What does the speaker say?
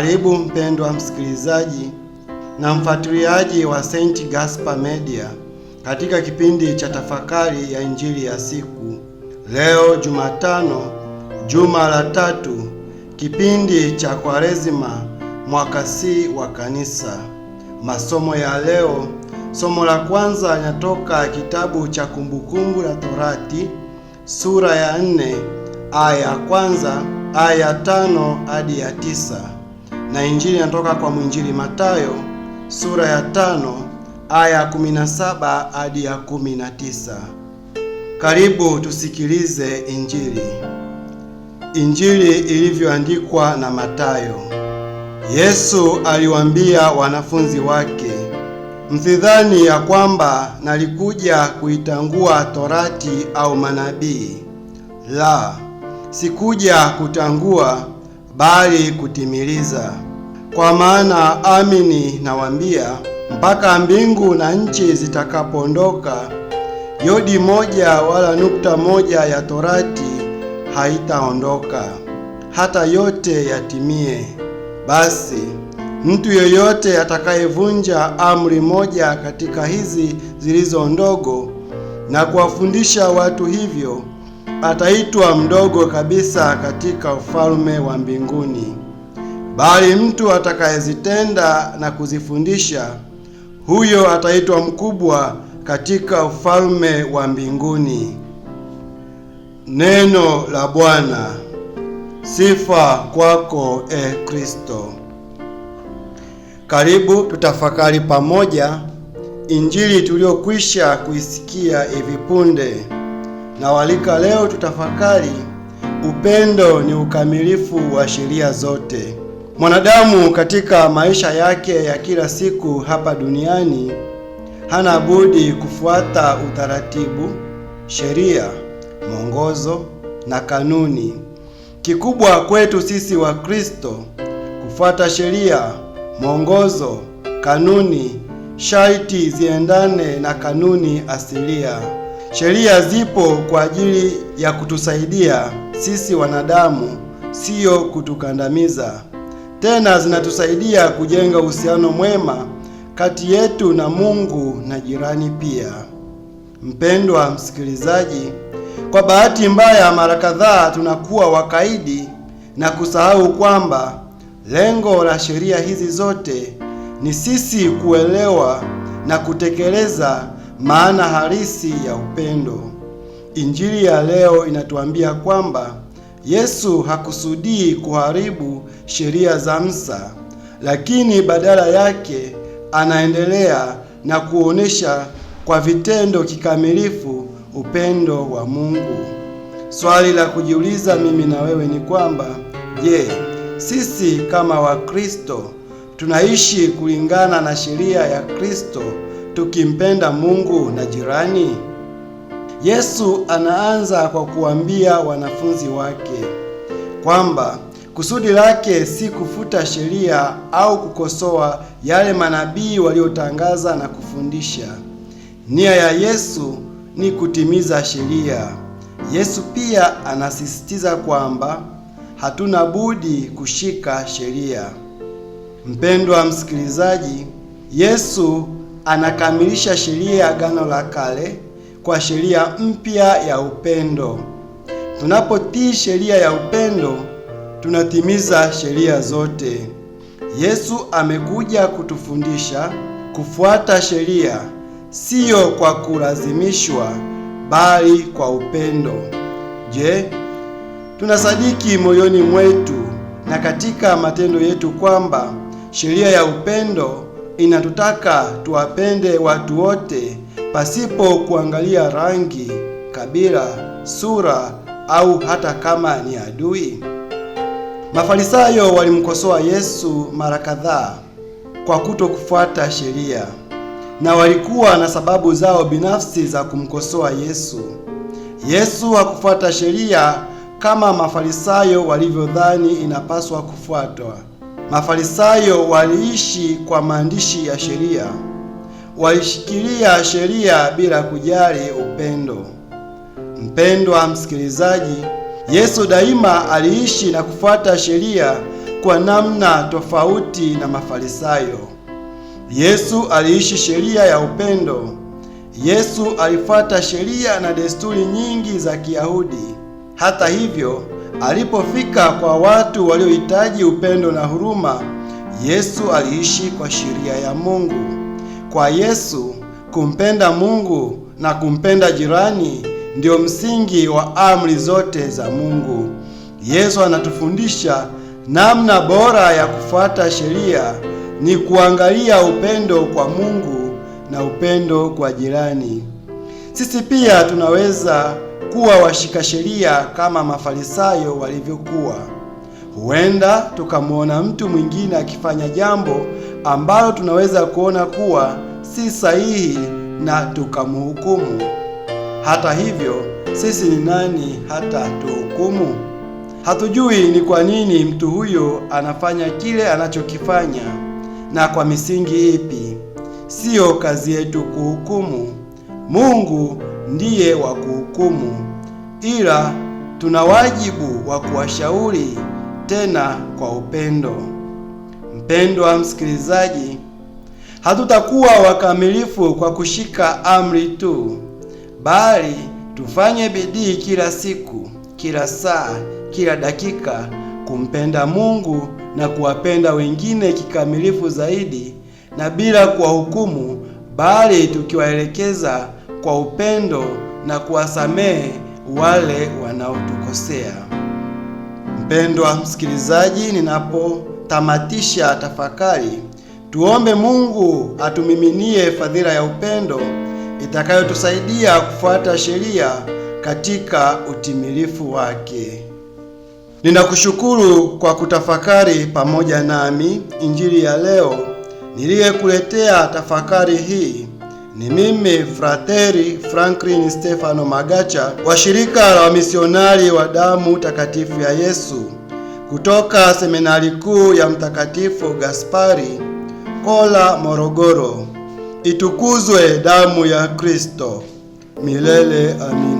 Karibu mpendwa msikilizaji na mfuatiliaji wa St. Gaspar Media katika kipindi cha tafakari ya Injili ya siku leo Jumatano, juma la tatu, kipindi cha Kwaresima mwaka C wa Kanisa. Masomo ya leo, somo la kwanza linatoka kitabu cha Kumbukumbu la Torati sura ya nne aya ya kwanza aya ya tano hadi ya tisa na Injili inatoka kwa mwinjili Matayo sura ya tano aya ya saba hadi ya tisa. Karibu tusikilize Injili. Injili ilivyoandikwa na Matayo. Yesu aliwaambia wanafunzi wake, msidhani ya kwamba nalikuja kuitangua torati au manabii. La, sikuja kutangua bali kutimiliza. Kwa maana amini nawaambia, mpaka mbingu na nchi zitakapoondoka, yodi moja wala nukta moja ya Torati haitaondoka hata yote yatimie. Basi mtu yoyote atakayevunja amri moja katika hizi zilizo ndogo na kuwafundisha watu hivyo, ataitwa mdogo kabisa katika ufalme wa mbinguni. Bali mtu atakayezitenda na kuzifundisha, huyo ataitwa mkubwa katika ufalme wa mbinguni. Neno la Bwana. Sifa kwako e Kristo. Karibu tutafakari pamoja Injili tuliyokwisha kuisikia hivi punde. Na walika leo tutafakari upendo ni ukamilifu wa sheria zote. Mwanadamu katika maisha yake ya kila siku hapa duniani hana budi kufuata utaratibu, sheria, mwongozo na kanuni. Kikubwa kwetu sisi wa kristo kufuata sheria, mwongozo, kanuni shaiti ziendane na kanuni asilia. Sheria zipo kwa ajili ya kutusaidia sisi wanadamu, siyo kutukandamiza tena zinatusaidia kujenga uhusiano mwema kati yetu na Mungu na jirani pia. Mpendwa msikilizaji, kwa bahati mbaya, mara kadhaa tunakuwa wakaidi na kusahau kwamba lengo la sheria hizi zote ni sisi kuelewa na kutekeleza maana halisi ya upendo. Injili ya leo inatuambia kwamba Yesu hakusudii kuharibu sheria za Musa, lakini badala yake anaendelea na kuonesha kwa vitendo kikamilifu upendo wa Mungu. Swali la kujiuliza mimi na wewe ni kwamba je, sisi kama Wakristo tunaishi kulingana na sheria ya Kristo tukimpenda Mungu na jirani? Yesu anaanza kwa kuambia wanafunzi wake kwamba Kusudi lake si kufuta sheria au kukosoa yale manabii waliotangaza na kufundisha. Nia ya Yesu ni kutimiza sheria. Yesu pia anasisitiza kwamba hatuna budi kushika sheria. Mpendwa msikilizaji, Yesu anakamilisha sheria ya Agano la Kale kwa sheria mpya ya upendo. Tunapotii sheria ya upendo tunatimiza sheria zote. Yesu amekuja kutufundisha kufuata sheria, siyo kwa kulazimishwa, bali kwa upendo. Je, tunasadiki moyoni mwetu na katika matendo yetu kwamba sheria ya upendo inatutaka tuwapende watu wote pasipo kuangalia rangi, kabila, sura au hata kama ni adui? Mafarisayo walimkosoa Yesu mara kadhaa kwa kutokufuata sheria na walikuwa na sababu zao binafsi za kumkosoa Yesu. Yesu hakufuata sheria kama Mafarisayo walivyodhani inapaswa kufuatwa. Mafarisayo waliishi kwa maandishi ya sheria, walishikilia sheria bila kujali upendo. Mpendwa msikilizaji, Yesu daima aliishi na kufuata sheria kwa namna tofauti na Mafarisayo. Yesu aliishi sheria ya upendo. Yesu alifuata sheria na desturi nyingi za Kiyahudi. Hata hivyo, alipofika kwa watu waliohitaji upendo na huruma, Yesu aliishi kwa sheria ya Mungu. Kwa Yesu, kumpenda Mungu na kumpenda jirani ndio msingi wa amri zote za Mungu. Yesu anatufundisha namna bora ya kufuata sheria ni kuangalia upendo kwa Mungu na upendo kwa jirani. Sisi pia tunaweza kuwa washika sheria kama Mafarisayo walivyokuwa. Huenda tukamwona mtu mwingine akifanya jambo ambalo tunaweza kuona kuwa si sahihi na tukamhukumu. Hata hivyo, sisi ni nani hata tuhukumu? Hatujui ni kwa nini mtu huyo anafanya kile anachokifanya na kwa misingi ipi. Siyo kazi yetu kuhukumu. Mungu ndiye wa kuhukumu, ila tuna wajibu wa kuwashauri tena kwa upendo. Mpendwa msikilizaji, hatutakuwa wakamilifu kwa kushika amri tu bali tufanye bidii kila siku, kila saa, kila dakika kumpenda Mungu na kuwapenda wengine kikamilifu zaidi na bila kuwahukumu, bali tukiwaelekeza kwa upendo na kuwasamehe wale wanaotukosea. Mpendwa msikilizaji, ninapotamatisha tafakari, tuombe Mungu atumiminie fadhila ya upendo itakayotusaidia kufuata sheria katika utimilifu wake. Ninakushukuru kwa kutafakari pamoja nami injili ya leo. Niliyekuletea tafakari hii ni mimi Frateri Franklin Stefano Magacha wa shirika la wamisionari wa damu takatifu ya Yesu kutoka seminari kuu ya Mtakatifu Gaspari Kola, Morogoro. Itukuzwe damu ya Kristo milele, amina.